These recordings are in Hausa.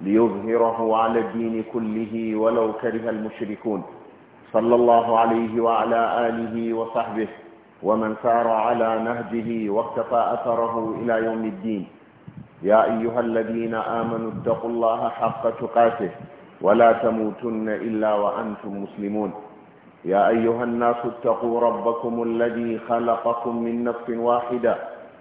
ليظهره على الدين كله ولو كره المشركون صلى الله عليه وعلى آله وصحبه ومن سار على نهجه واقتفى أثره إلى يوم الدين يا أيها الذين آمنوا اتقوا الله حق تقاته ولا تموتن إلا وأنتم مسلمون يا أيها الناس اتقوا ربكم الذي خلقكم من نفس واحدة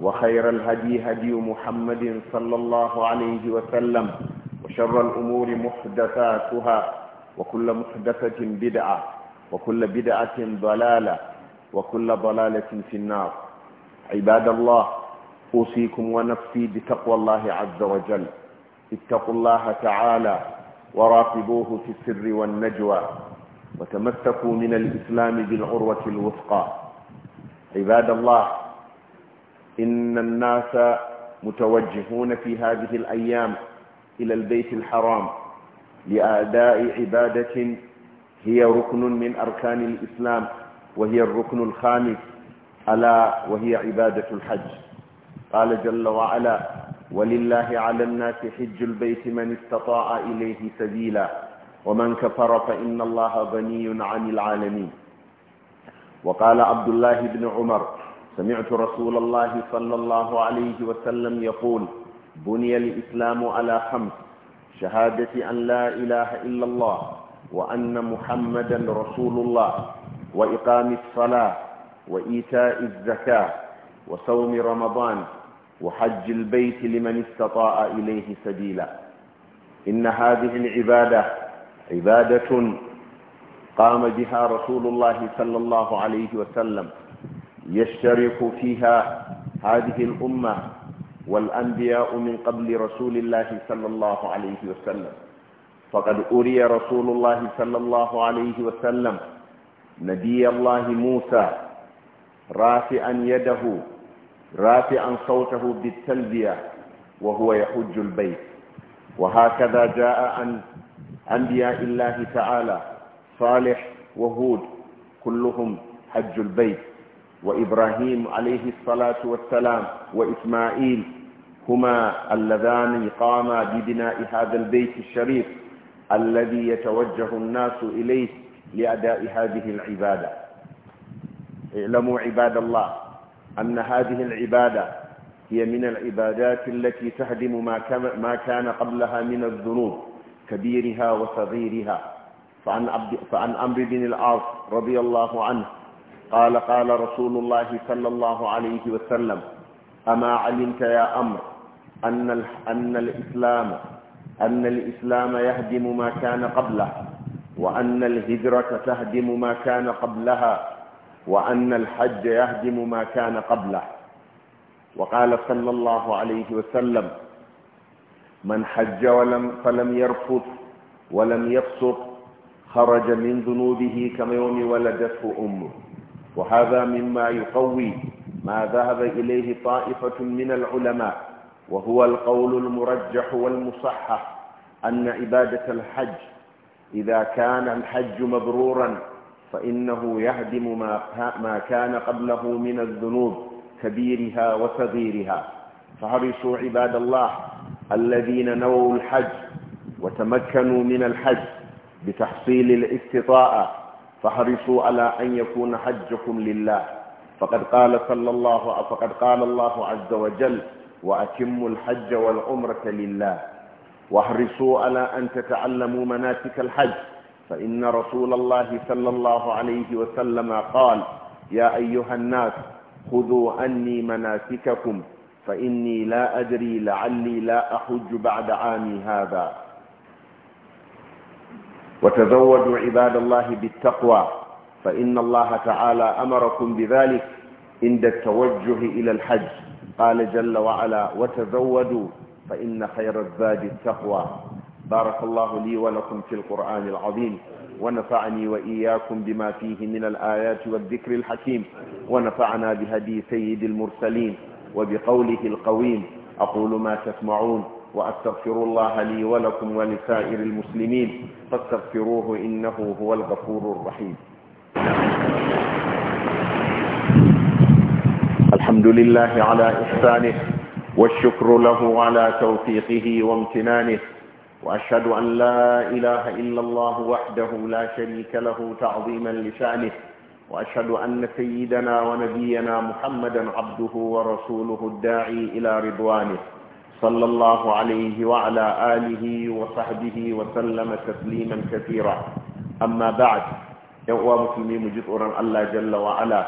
وخير الهدي هدي محمد صلى الله عليه وسلم وشر الأمور محدثاتها وكل محدثة بدعة وكل بدعة ضلالة وكل ضلالة في النار عباد الله أوصيكم ونفسي بتقوى الله عز وجل اتقوا الله تعالى وراقبوه في السر والنجوى وتمسكوا من الإسلام بالعروة الوثقى عباد الله إن الناس متوجهون في هذه الأيام إلى البيت الحرام لأداء عبادة هي ركن من أركان الإسلام وهي الركن الخامس ألا وهي عبادة الحج قال جل وعلا ولله على الناس حج البيت من استطاع إليه سبيلا ومن كفر فإن الله غني عن العالمين وقال عبد الله بن عمر سمعت رسول الله صلى الله عليه وسلم يقول بني الإسلام على خمس شهادة أن لا إله إلا الله وأن محمدا رسول الله وإقام الصلاة وإيتاء الزكاة وصوم رمضان وحج البيت لمن استطاع إليه سبيلا إن هذه العبادة عبادة قام بها رسول الله صلى الله عليه وسلم يشترك فيها هذه الأمة والأنبياء من قبل رسول الله صلى الله عليه وسلم فقد أري رسول الله صلى الله عليه وسلم نبي الله موسى رافعا يده رافعا صوته بالتلبية وهو يحج البيت وهكذا جاء عن أنبياء الله تعالى صالح وهود كلهم حج البيت وإبراهيم عليه الصلاة والسلام وإسماعيل هما اللذان قاما ببناء هذا البيت الشريف الذي يتوجه الناس إليه لأداء هذه العبادة اعلموا عباد الله أن هذه العبادة هي من العبادات التي تهدم ما كان قبلها من الذنوب كبيرها وصغيرها فعن, فعن أمر بن العاص رضي الله عنه قال قال رسول الله صلى الله عليه وسلم أما علمت يا أمر أن, أن الإسلام أن الإسلام يهدم ما كان قبله وأن الهجرة تهدم ما كان قبلها وأن الحج يهدم ما كان قبله وقال صلى الله عليه وسلم من حج ولم فلم يرفض ولم يفسق خرج من ذنوبه كما يوم ولدته أمه وهذا مما يقوي ما ذهب إليه طائفة من العلماء وهو القول المرجح والمصحح أن عبادة الحج إذا كان الحج مبرورا فإنه يهدم ما كان قبله من الذنوب كبيرها وصغيرها فحرصوا عباد الله الذين نووا الحج وتمكنوا من الحج بتحصيل الاستطاعة فحرصوا على أن يكون حجكم لله فقد قال صلى الله فقد قال الله عز وجل وأتموا الحج والعمرة لله واحرصوا على أن تتعلموا مناسك الحج فإن رسول الله صلى الله عليه وسلم قال يا أيها الناس خذوا عني مناسككم فإني لا أدري لعلي لا أحج بعد عامي هذا وتزودوا عباد الله بالتقوى فإن الله تعالى أمركم بذلك عند التوجه إلى الحج قال جل وعلا وتزودوا فإن خير الزاد التقوى بارك الله لي ولكم في القرآن العظيم ونفعني وإياكم بما فيه من الآيات والذكر الحكيم ونفعنا بهدي سيد المرسلين وبقوله القويم أقول ما تسمعون وأستغفر الله لي ولكم ولسائر المسلمين فاستغفروه إنه هو الغفور الرحيم الحمد لله على إحسانه والشكر له على توفيقه وامتنانه وأشهد أن لا إله إلا الله وحده لا شريك له تعظيما لشأنه وأشهد أن سيدنا ونبينا محمدا عبده ورسوله الداعي إلى رضوانه صلى الله عليه وعلى آله وصحبه وسلم تسليما كثيرا أما بعد يقوى مسلمين مجدورا الله جل وعلا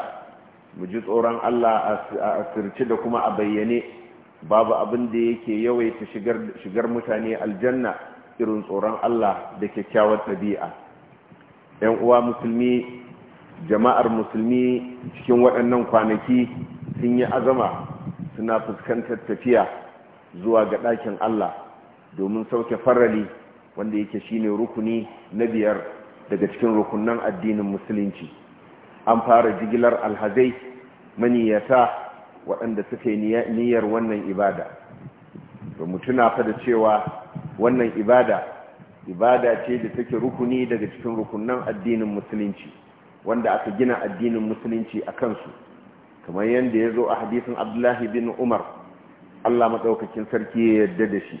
مجدورا الله أسرتدكما أبيني باب أبن ديكي يوي تشجر شجر متاني الجنة إرن صورا الله ديكي كاوة تبيئة يقوى مسلمي jama'ar musulmi cikin waɗannan kwanaki sun yi azama suna fuskantar tafiya zuwa ga ɗakin Allah domin sauke farali wanda yake shine rukuni na biyar daga cikin rukunan addinin musulunci an fara jigilar alhazai maniyata waɗanda suke niyyar wannan ibada ba mutu na fa cewa wannan ibada ibada ce da take rukuni daga cikin rukunan addinin musulunci wanda aka gina addinin musulunci a kansu kamar yadda ya zo a hadisin abdullahi bin umar Allah maɗaukakin sarki ya yarda da shi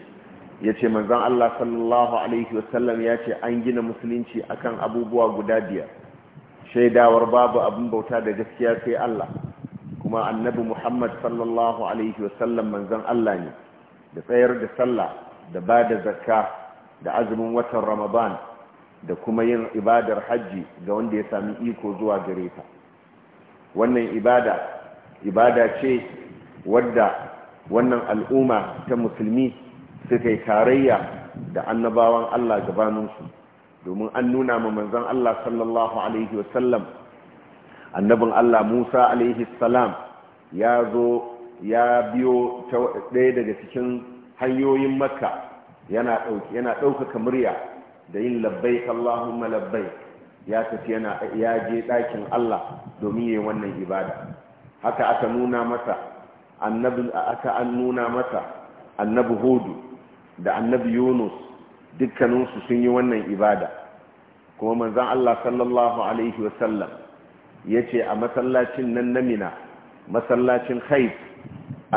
ya ce manzan Allah sallallahu Alaihi wasallam ya ce an gina musulunci akan abubuwa guda biyar shaidawar babu abin bauta da gaskiya sai Allah kuma annabi Muhammad sallallahu Alaihi wasallam manzan Allah ne da tsayar da sallah da ba da zakka da azumin watan Ramadan da kuma yin ibadar hajji ga wanda ya sami iko zuwa gare ta wannan ibada ibada ce wadda wannan al'umma ta musulmi suka yi tarayya da annabawan Allah gabaninsu domin an nuna ma manzon Allah sallallahu alaihi wasallam annabin Allah Musa alaihi salam ya zo ya biyo ta ɗaya daga cikin hanyoyin makka yana ɗaukaka murya da yin labbai Allahumma labbai ya tafi yana ya je ɗakin Allah domin yi wannan ibada haka aka nuna masa annabi aka an nuna mata annabi hudu da annabi yunus dukkaninsu sun yi wannan ibada kuma manzan allah sallallahu alaihi wasallam ya ce a masallacin nan namina masallacin haif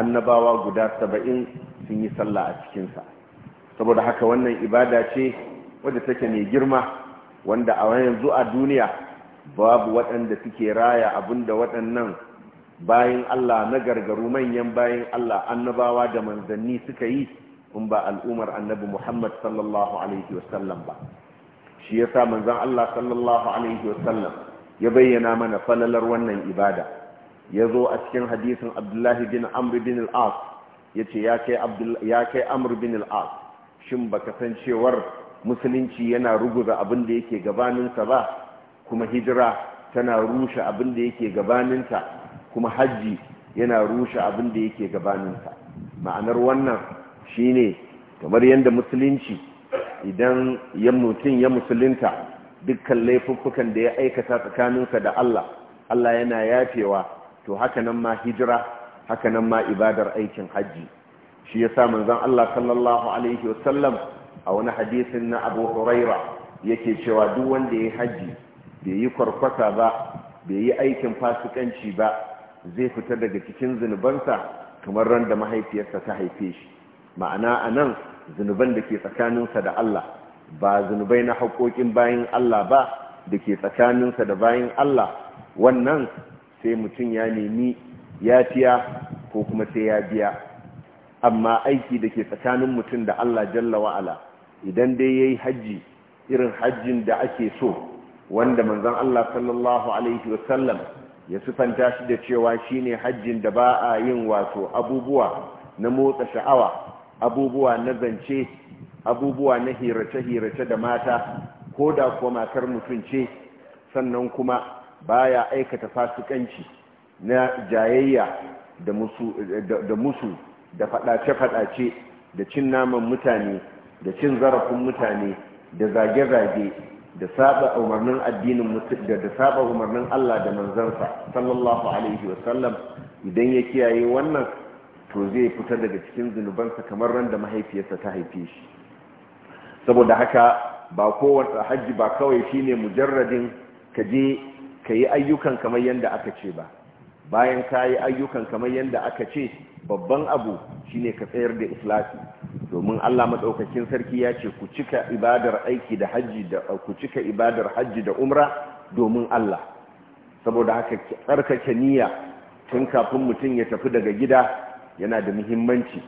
annabawa guda saba'in sun yi sallah a cikinsa saboda haka wannan ibada ce wadda take mai girma wanda a yanzu a duniya babu waɗanda suke raya abinda waɗannan bayan Allah na gargaru manyan bayan Allah annabawa da manzanni suka yi in ba al'umar annabi Muhammad sallallahu alaihi wasallam ba shi yasa manzon Allah sallallahu alaihi wasallam ya bayyana mana falalar wannan ibada ya zo a cikin hadisin Abdullahi bin Amr bin al yace ya kai ya kai Amr bin al shin baka san cewar musulunci yana ruguza abin da yake gabaninsa ba kuma hijira tana rushe abin da yake gabaninta kuma hajji yana rushe abin da yake gabaninsa ma'anar wannan shine kamar yadda musulunci idan ya mutum ya musulunta dukkan laifukan da ya aikata tsakaninsa da Allah Allah yana yafewa to haka nan ma hijira haka nan ma ibadar aikin hajji shi ya yasa zan Allah sallallahu alaihi wasallam a wani hadisin na Abu Huraira yake cewa duk wanda ya yi hajji bai yi kwarkwata ba bai yi aikin fasikanci ba zai fita daga cikin zunubansa kamar ran da mahaifiyarsa ta haife shi ma'ana a nan zunuban da ke tsakaninsa da Allah ba zunubai na haƙoƙin bayan Allah ba da ke tsakaninsa da bayan Allah wannan sai mutum ya nemi ya fiya ko kuma sai ya biya amma aiki da ke tsakanin mutum da Allah jalla wa'ala idan dai ya yi hajji irin hajjin da ake so wanda manzan Allah sallallahu Alaihi wasallam ya sifanta shi da cewa shine hajjin da ba a yin wato abubuwa na motsa sha'awa abubuwa na zance abubuwa na hirace-hirace da mata ko da kuwa matar mutum ce sannan kuma baya aikata fasikanci na jayayya da musu da, musu da fadace-fadace da cin naman mutane da cin zarafin mutane da zage-zage da saba umarnin addinin mutum da da saba umarnin Allah da manzansa sallallahu alaihi wa sallam idan ya kiyaye wannan to zai fitar daga cikin zunubansa kamar ran da mahaifiyarsa ta haife shi saboda haka ba kowace hajji ba kawai shine mujarradin ka je ka yi ayyukan kamar yadda aka ce ba bayan ka yi ayyukan kamar yadda aka ce babban abu shine ka tsayar da islasi domin Allah madaukakin sarki ya ce ku cika ibadar aiki da hajji da ku cika ibadar hajji da umra domin Allah saboda haka tsarkake niyya tun kafin mutum ya tafi daga gida yana da muhimmanci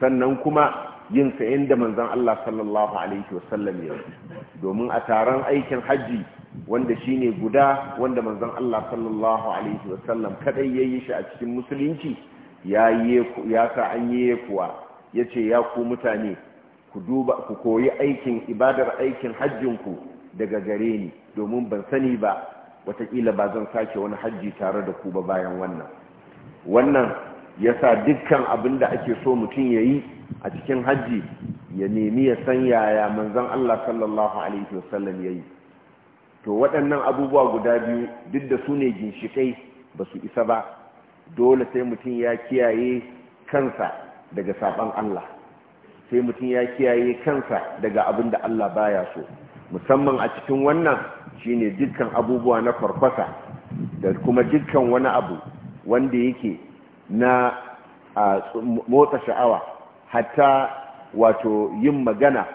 sannan kuma yin sa inda manzon Allah sallallahu alaihi wasallam ya yi domin a taron aikin hajji wanda shine guda wanda manzon Allah sallallahu alaihi wasallam kadai yayi shi a cikin musulunci ya ya sa an yi kuwa ya ce ya ku mutane ku duba koyi aikin ibadar aikin hajjinku daga gare ni domin ban sani ba watakila ba zan sake wani hajji tare da ku ba bayan wannan wannan ya sa dukkan abin da ake so mutum ya yi a cikin hajji ya nemi ya san yaya manzon Allah sallallahu alaihi wasallam ya yi to waɗannan abubuwa guda biyu duk da su ne ginshiƙai ba su isa ba dole sai mutum ya kiyaye kansa daga saban Allah sai mutum ya kiyaye kansa daga abin da Allah baya so musamman a cikin wannan shine dukkan abubuwa na farfasa da kuma dukkan wani abu wanda yake na motsa sha'awa hatta wato yin magana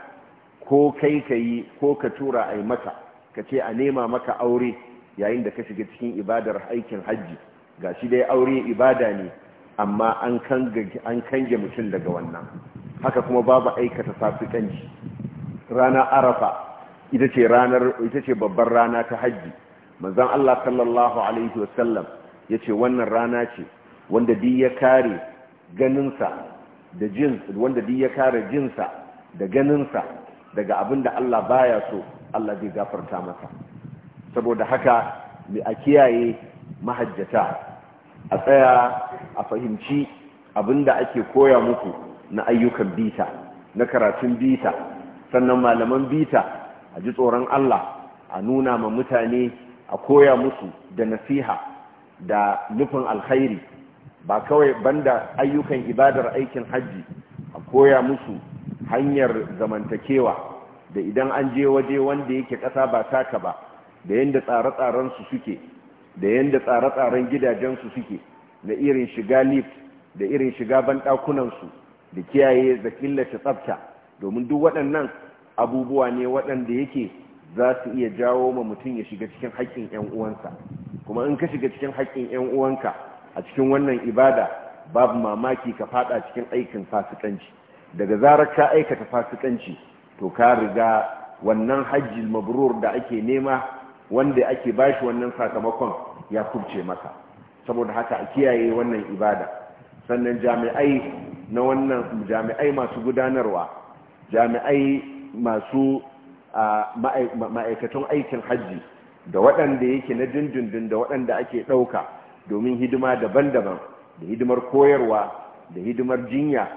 ko kai ka yi ko ka tura a yi maka ka ce a nema maka aure yayin da ka shiga cikin ibadar aikin hajji ga shi dai aure ibada ne amma an kange mutum daga wannan haka kuma babu aikata fasikanci rana arafa ita ce babbar rana ta haji manzon Allah sallallahu alaihi wasallam yace wannan rana ce wanda duk ya kare ganinsa da jin wanda ya kare jinsa da ganinsa daga abinda Allah baya so Allah zai gafarta masa saboda haka a kiyaye mahajjata a tsaya a fahimci abin da ake koya muku na ayyukan bita na karatun bita sannan malaman bita a ji tsoron Allah a nuna ma mutane a koya musu da nasiha da nufin alkhairi ba kawai banda ayyukan ibadar aikin hajji a koya musu hanyar zamantakewa da idan an je waje wanda yake ƙasa ba taka ba da yadda tsare-tsarensu suke da yadda tsare-tsaren gidajensu suke na irin shiga lift da irin shiga banɗakunansu da kiyaye da killace tsafta domin duk waɗannan abubuwa ne waɗanda yake za su iya jawo ma mutum ya shiga cikin haƙƙin 'yan uwansa kuma in ka shiga cikin haƙƙin 'yan uwanka a cikin wannan ibada babu mamaki ka faɗa cikin aikin fasikanci daga zarar ka aikata fasikanci to ka riga wannan hajji mabrur da ake nema wanda ake ba shi wannan sakamakon ya kubce maka saboda haka a kiyaye wannan ibada sannan jami'ai na wannan jami'ai masu gudanarwa jami'ai masu ma'aikatan aikin hajji da waɗanda yake na dindindin da waɗanda ake ɗauka domin hidima daban-daban da hidimar koyarwa da hidimar jinya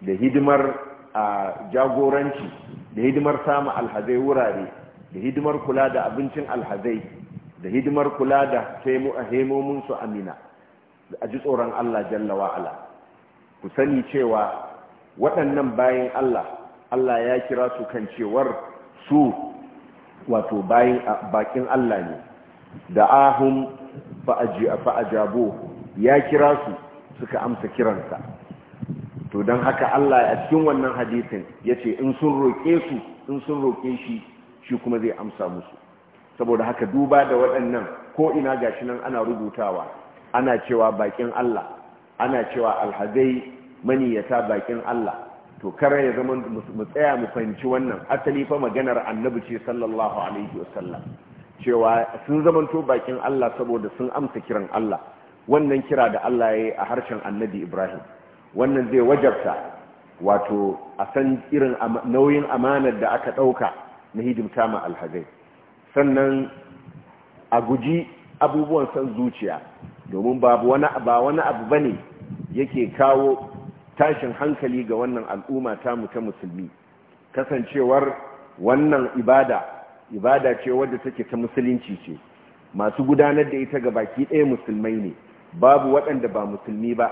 da hidimar jagoranci da hidimar samun alhazai wurare da hidimar kula da abincin alhazai da hidimar kula da hemominsu amina a ji tsoron Allah jalla wa'ala ku sani cewa waɗannan bayan Allah Allah ya kira su kan cewar su wato bayan bakin Allah ne da ahun fa'ajabo ya kira su suka amsa kiransa to don haka Allah a cikin wannan hadisin ya ce in sun roƙe su in sun roƙe shi shi kuma zai amsa musu saboda haka duba da waɗannan ko ina gashi nan ana rubutawa ana cewa bakin Allah ana cewa alhazai maniyata bakin Allah to kare ya zama mu tsaya mu fahimci wannan asali fa maganar annabi ce sallallahu alaihi wasallam cewa sun zamanto bakin Allah saboda sun amsa kiran Allah wannan kira da Allah ya yi a harshen annabi Ibrahim wannan zai wajabta wato a san irin nauyin amanar da aka ɗauka na hidimta ma alhazai sannan a guji abubuwan san zuciya domin ba wani abu bane yake kawo tashin hankali ga wannan al'umma ta mu musulmi kasancewar wannan ibada ibada ce wadda take ta musulunci ce masu gudanar da ita ga baki ɗaya musulmai ne babu waɗanda ba musulmi ba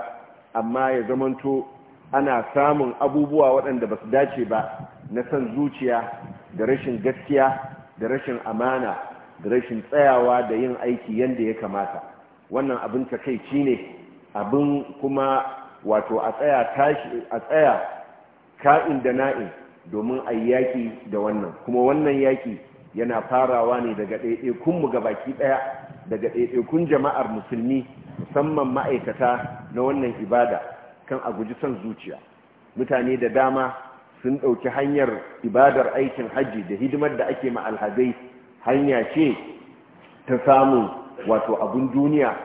amma ya zamanto ana samun abubuwa waɗanda ba su dace ba na san zuciya da rashin gaskiya da rashin amana da rashin tsayawa da yin aiki yadda ya kamata wannan abin takaici ne abin kuma wato a tsaya tashi ka'in da na'in domin a yaƙi da wannan kuma wannan yaƙi yana farawa ne daga ɗaiɗaikunmu ga baki ɗaya daga ɗaiɗaikun jama'ar musulmi musamman ma'aikata na wannan ibada kan a guji son zuciya mutane da dama sun ɗauki hanyar ibadar aikin hajji da hidimar da ake ma alhazai hanya ce ta samu wato abun duniya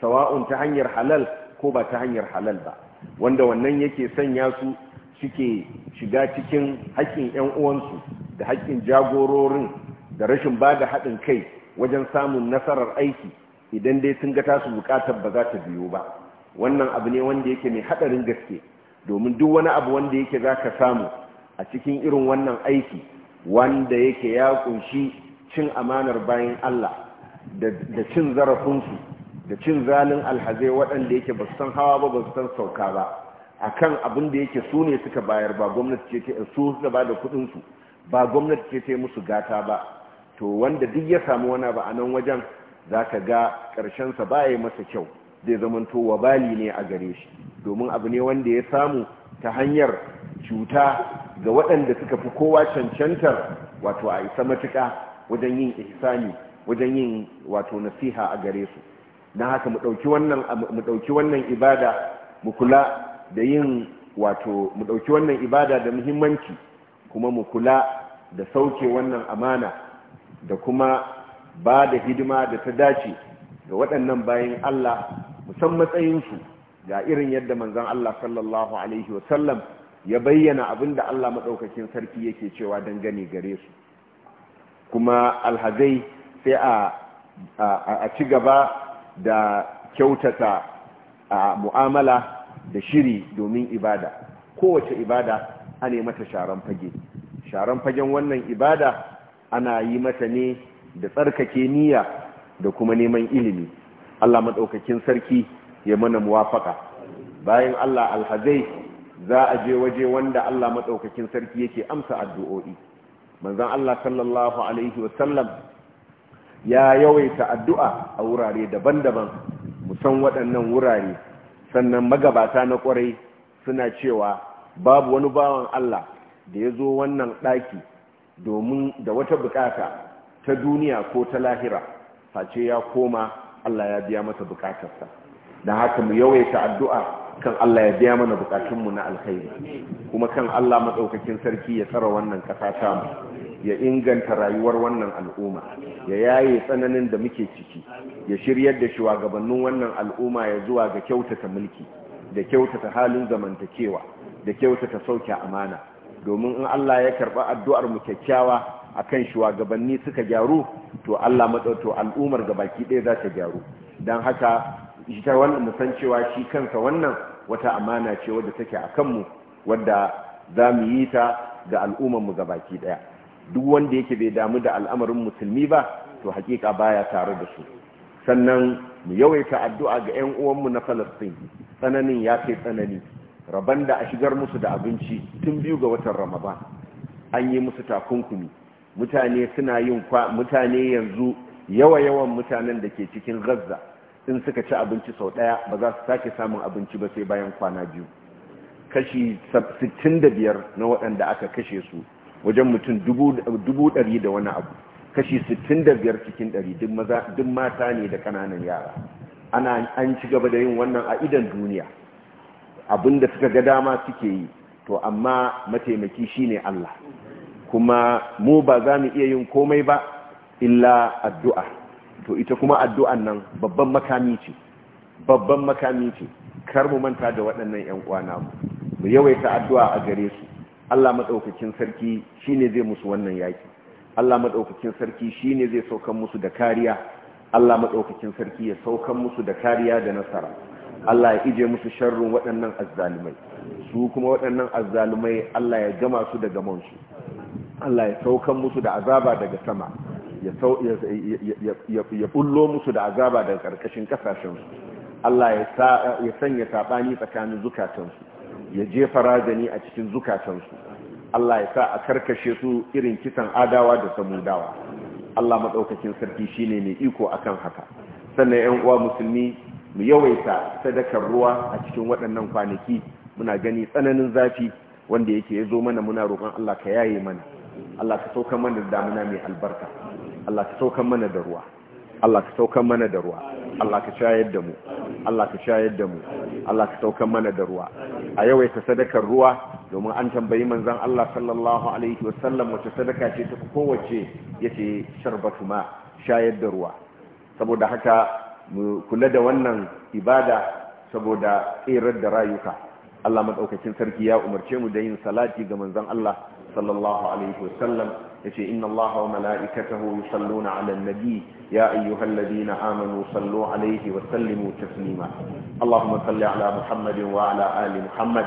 sawa'un ta hanyar halal ko ba ta hanyar halal ba wanda wannan yake sanya su suke shiga cikin haƙƙin 'yan uwansu da haƙƙin jagororin da rashin ba da haɗin kai wajen samun nasarar aiki idan dai sun ga tasu bukatar ba za ta biyo ba wannan abu ne wanda yake mai haɗarin gaske domin duk wani abu wanda yake za ka samu a cikin irin wannan aiki wanda yake ya kunshi cin amanar bayan Allah da cin zarafinsu da cin zalin alhazai waɗanda yake ba san hawa ba ba san sauka ba a kan abin da yake su ne suka bayar ba gwamnati ce su suka ba da kuɗinsu ba gwamnati ce ta musu gata ba to wanda duk ya samu wani ba a nan wajen za ka ga ƙarshensa ba ya masa kyau zai zamanto bali ne a gare shi domin abu ne wanda ya samu ta hanyar cuta ga waɗanda suka fi kowa cancantar wato a isa matuƙa wajen yin ihsani wajen yin wato nasiha a gare su na haka mu ɗauki wannan ibada mu kula da yin wato mu ɗauki wannan ibada da muhimmanci kuma mu kula da sauke wannan amana da kuma ba da hidima da ta dace ga waɗannan bayan Allah Kusan matsayinsu ga irin yadda manzan Allah sallallahu alaihi wasallam ya bayyana abin da Allah maɗaukakin sarki yake cewa dangane gare su kuma alhazai sai a ci gaba da kyautata a mu'amala da shiri domin ibada kowace ibada ana yi mata sharan fage sharan fagen wannan ibada ana yi mata ne da tsarkake niyya da kuma neman ilimi Allah madaukakin sarki ya mana muwafaka bayan Allah alhazai za a je waje wanda Allah maɗaukakin sarki yake amsa addu'o'i manzon Allah sallallahu alaihi wasallam ya yawaita addu'a a wurare daban-daban musan waɗannan wurare sannan magabata na ƙwarai suna cewa babu wani bawan Allah da ya zo wannan ɗaki domin da wata bukata ta duniya ko ta lahira face ya koma Allah ya biya mata bukatarsa da haka mu yawaita addu'a kan Allah ya biya mana bukatunmu na alkhairi kuma kan Allah madaukakin sarki ya tsara wannan kasa ta ya inganta rayuwar wannan al'umma ya yaye tsananin da muke ciki ya shiryar da shugabannin wannan al'umma ya zuwa ga kyautata mulki da kyautata halin zamantakewa da kyautata sauke amana domin in Allah ya karba addu'ar mu kyakkyawa akan shugabanni suka gyaru to Allah to al'umar gabaki ɗaya za ta gyaru dan haka ita wannan mu cewa shi kansa wannan wata amana ce wadda take a kanmu wadda za mu yi ta ga al'ummar mu baki ɗaya duk wanda yake bai damu da al'amarin musulmi ba to hakika baya tare da su sannan mu yawaita addu'a ga 'yan uwanmu na Falastin tsananin ya kai tsanani rabanda a shigar musu da abinci tun biyu ga watan Ramadan an yi musu takunkumi mutane suna yin kwa mutane yanzu yawa-yawan mutanen da ke cikin gaza in suka ci abinci sau daya ba za su sake samun abinci ba sai bayan kwana biyu kashi 65 na waɗanda aka kashe su wajen mutum dubu ɗari da wani abu kashi 65 cikin ɗari duk mata ne da ƙananan yara ana an ci gaba da yin wannan a idan duniya abinda suka ga dama suke yi to amma mataimaki shine Allah kuma mu ba za mu iya yin komai ba illa addu'a to ita kuma addu'an nan babban makami ce babban makami ce kar mu manta da waɗannan 'yan kwana mu mu yawaita addu'a a gare su Allah maɗaukakin sarki shi ne zai musu wannan yaƙi. Allah maɗaukakin sarki shi ne zai saukan musu da kariya Allah maɗaukakin sarki ya saukan musu da kariya da nasara Allah ya ije musu sharrun waɗannan azzalumai su kuma waɗannan azzalumai Allah ya gama su da mansu Allah ya saukan musu da azaba daga sama ya bullo musu da azaba daga ƙarƙashin su. Allah ya sanya saɓani tsakanin su. ya jefa razani a cikin su. Allah ya sa a karkashe su irin kisan adawa da samudawa Allah madaukakin sarki shine mai iko akan haka sannan 'yan uwa musulmi mu yawaita sadakar ruwa a cikin waɗannan kwanaki muna gani tsananin zafi wanda yake ya zo mana muna roƙon Allah ka yaye mana Allah ka sauka mana da mai albarka Allah ka sauka mana da ruwa Allah ka sauka mana da ruwa Allah ka shayar da mu Allah ka shayar da mu Allah ka sauka mana da ruwa a yawaita sadakar ruwa domin an tambayi manzon Allah sallallahu alaihi wa sallam wace sadaka ce ta kowace yace sharbatu ma shayar da ruwa saboda haka mu kula da wannan ibada saboda tsirar da rayuka Allah madaukakin sarki ya umarce mu da yin salati ga manzon Allah صلى الله عليه وسلم يتي إن الله وملائكته يصلون على النبي يا أيها الذين آمنوا صلوا عليه وسلموا تسليما اللهم صل على محمد وعلى آل محمد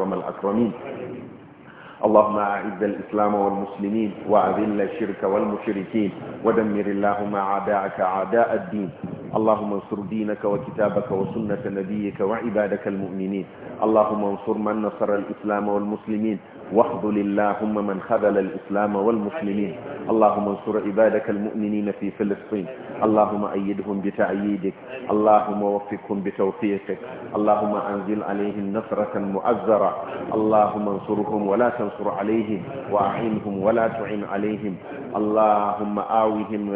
أكرم الأكرمين اللهم أعز الإسلام والمسلمين وأذل الشرك والمشركين ودمر اللهم أعداءك أعداء الدين اللهم انصر دينك وكتابك وسنة نبيك وعبادك المؤمنين اللهم انصر من نصر الإسلام والمسلمين واخذل اللهم من خذل الإسلام والمسلمين اللهم انصر عبادك المؤمنين في فلسطين اللهم أيدهم بتأييدك اللهم وفقهم بتوفيقك اللهم أنزل عليهم نصرة مؤزرة اللهم انصرهم ولا تنصر عليهم وأعينهم ولا تعين عليهم اللهم آوهم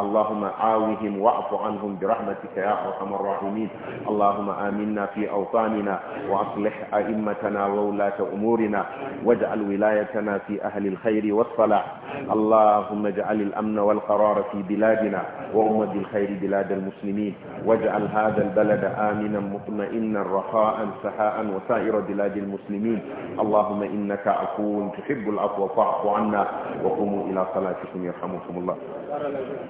اللهم آوهم واعف عنهم برحمتك يا أرحم الراحمين اللهم آمنا في أوطاننا وأصلح أئمتنا وولاة أمورنا واجعل ولايتنا في أهل الخير والصلاح اللهم اجعل الأمن والقرار في بلادنا وأمة الخير بلاد المسلمين واجعل هذا البلد آمنا مطمئنا رخاء سحاء وسائر بلاد المسلمين اللهم إنك أكون تحب العفو فاعف عنا وقوموا إلى صلاتكم يرحمكم الله